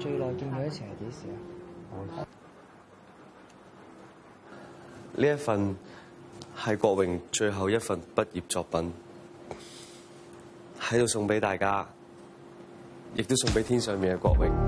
最耐見佢一次係幾時啊？呢一份係國榮最後一份畢業作品，喺度送俾大家，亦都送俾天上面嘅國榮。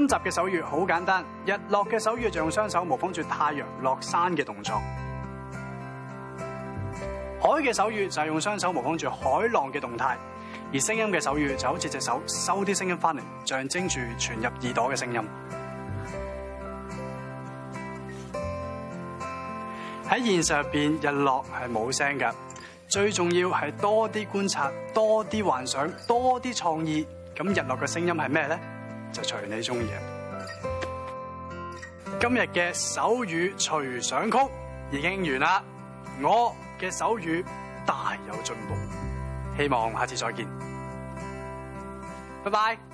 今集嘅手語好簡單，日落嘅手語就用雙手模仿住太陽落山嘅動作；海嘅手語就係用雙手模仿住海浪嘅動態；而聲音嘅手語就好似隻手收啲聲音翻嚟，象徵住傳入耳朵嘅聲音。喺現實入邊，日落係冇聲噶。最重要係多啲觀察，多啲幻想，多啲創意。咁日落嘅聲音係咩呢？就隨你中意。今日嘅手語隨想曲已經完啦，我嘅手語大有進步，希望下次再見，拜拜。